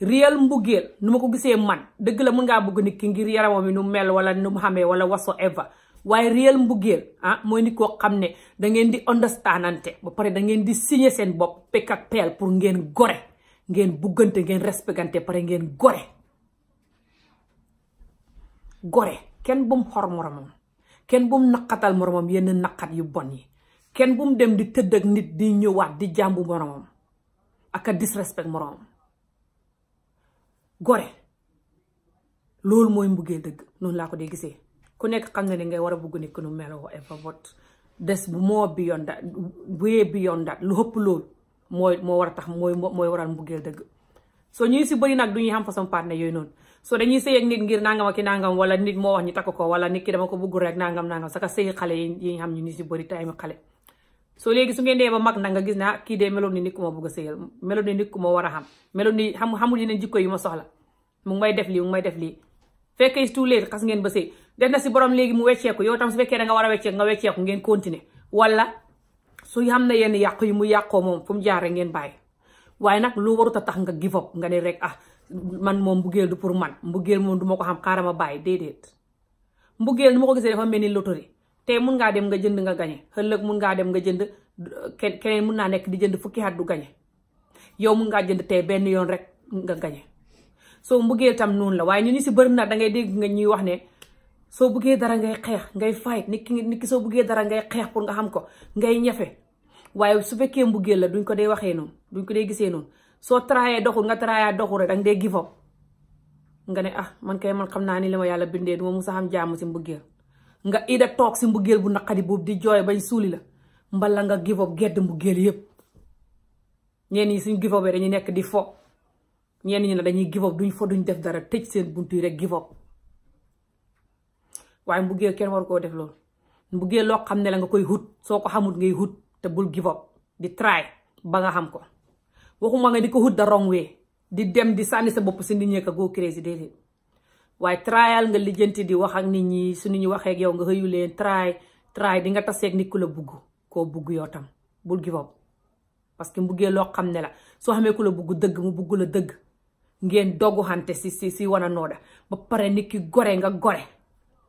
réel mbugeel nu ma ko gisee man dëgg la mën ngaa bëgg nit ki ngir yaramam yi nu mel wala nu mu xamee wala waso eva waaye réel mbugeel ah mooy ni koo xam ne dangeen ngeen di understandante ba pare dangeen di signer seen bopp pekk ak pour ngeen gore ngeen buggante ngeen respectante pare ngeen gore gore kenn bu mu moromam kenn bu naqatal moromam yenn naqat yu bon yi kenn bu mu dem di tëdd nit di ñëwaat di jàmbu moroomam ak a disrespect moroomam gore loolu mooy mbuggee dëgg noonu laa ko dee gisee ku nekk xam na ne ngay war a bugg nit ku nu meloo everbot des bu moo beyond that way beyond that lu ëpp loolu mooy moo war a tax mooy mooy waral mbuggeel dëgg soo ñuy si bëri nag du ñuy xam noonu soo dañuy sëy ak nit ngir nangam ak ki nangam wala nit moo wax ñu takk ko wala nit ki dama ko bëgg rek nangam nangam saka sëy xale yi ñu xam ñu ñu si bëri time xale soo léegi su ngeen dee ba mag nag nga gis ne ah kii dee meloon ni nit ku ma bëgg a sëyal meloon ni nit ku ma war a xam meloon ni xam xamul yeneen jikko yi ma soxla mu ngi may def lii mu ngi may fekkee tout léegi xas ngeen ba sëy def si borom léegi mu wecceeku yow tam su fekkee da war a wecceeku nga wecceeku ngeen continuer wala su xam na yenn yàqu yi mu yàqoo moom fu mu jaar rek ngeen bàyyi waaye nag lu warut a tax nga give up nga ne rek ah man moom mbugeel du pour man mbugeel moom du ma ko xam xaaral ma bàyyi déedéet mbugeel ni ma ko gisee dafa mel ni loterie tey mun ngaa dem nga jënd nga gañe ëllëg mun ngaa dem nga jënd keneen mun naa nekk di jënd fukki at du gañe yow mun ngaa jënd tey benn yoon rek nga gañe soo bëggee tam noonu la waaye ñu si bëri na da ngay dégg nga ñuy wax ne soo bëggee dara ngay xeex ngay fight nit ki nit ki soo bëggee dara ngay xeex nga xam ko ngay ñafe waaye su fekkee mbëggee la duñ ko dee waxee noonu duñ ko dee gisee noonu soo traayee doxul nga traayee doxul rek danga dee give up nga ne ah man kay man xam naa ni li ma yàlla bindee duma musa xam jàmm si mbuggeel nga ida toog si mbugéel bu naqadi boobu di jooy bañ suuli la mbala nga give up gedd mbugéel yépp ñeen ñi suñ give dañuy nekk di foog ñeen ñi ne dañuy give up duñ fo duñ def dara tëj seen buntu yi rek give up waaye mbugéel koo def loolu mbugéel loo xam ne la nga koy hut soo ko xamut ngay hut te bul give up di try ba nga xam ko waxuma nga di ko hut da wrong way di dem di sànni sa bopp si nit ñi ka go crazy waaye trial nga lijjanti di wax ak nit ñi su ñu waxee ak yow nga xëyu leen try di nga taseeg nit ku la bugg koo bugg yoo tam bul give up parce que mbuggee loo xam ne la soo xamee ku la bugg dëgg mu bugg la dëgg ngeen doggu xante si si si wana nooda ba pare nit ki gore nga gore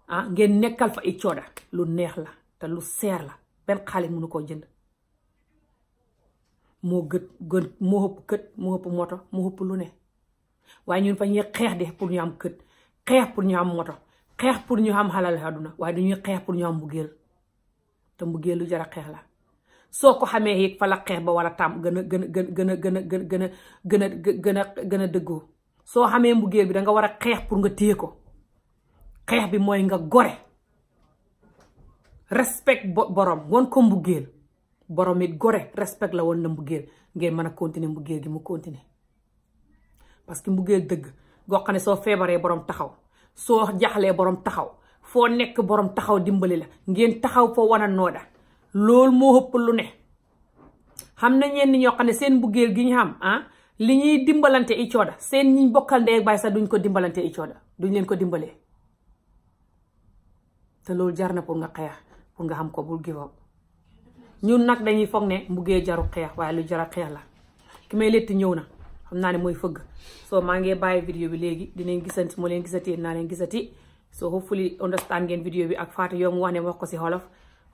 ah, ngeen nekkal fa i cooda lu neex la te lu seer la benn xaalis mënu koo jënd moo gët kët moo ëpp moto moo ëpp lu ne waaye ñun fa ñuy xeex de pour ñu kët xeex pour ñu am moto xeex pour ñu am xalal àdduna waaye du xeex pour ñu am mbugéel te mbugéel lu jar a xeex la soo ko xamee yit fa la xeex ba war a tàmm gën gën a gën a gën a gën gën gën a a dëggoo soo xamee mbugéel bi da war a xeex pour nga téye ko xeex bi mooy nga gore respect borom won ko mbugéel borom it gore respect la woon na mbugéel ngeen mën a continuer mbugéel gi mu continuer parce que mbugéel dëgg goo xam ne soo feebaree borom taxaw soo jaxlee boroom taxaw foo nekk borom taxaw dimbali la ngeen taxaw foo wan nooda loolu moo ëpp lu ne xam na ñenn ñoo xam ne seen buggeel gi ñu xam ah, li ñuy dimbalante i cooda seen ñi bokkal ndey baay sax duñ ko dimbalante i cooda duñ leen ko dimbale te loolu jar na pour nga xeex pour nga xam ko bul give up ñun nag dañuy foog ne mbuggee jaru xeex waaye lu jara a xeex la ki may létt ñëw na xam naa ne mooy fëgg soo maa ngi bàyyi vidéo bi léegi dinañ gisante moo leen gisati naa leen gisati so hopefully understand ngeen vidéo bi ak Fatou yow mu wax ne wax ko si xolof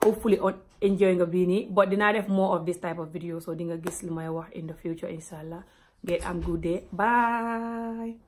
hopefully on enjoy nga bii nii but dinaa def more of this type of video so di nga gis li may wax in the future inshallah get am good dee bye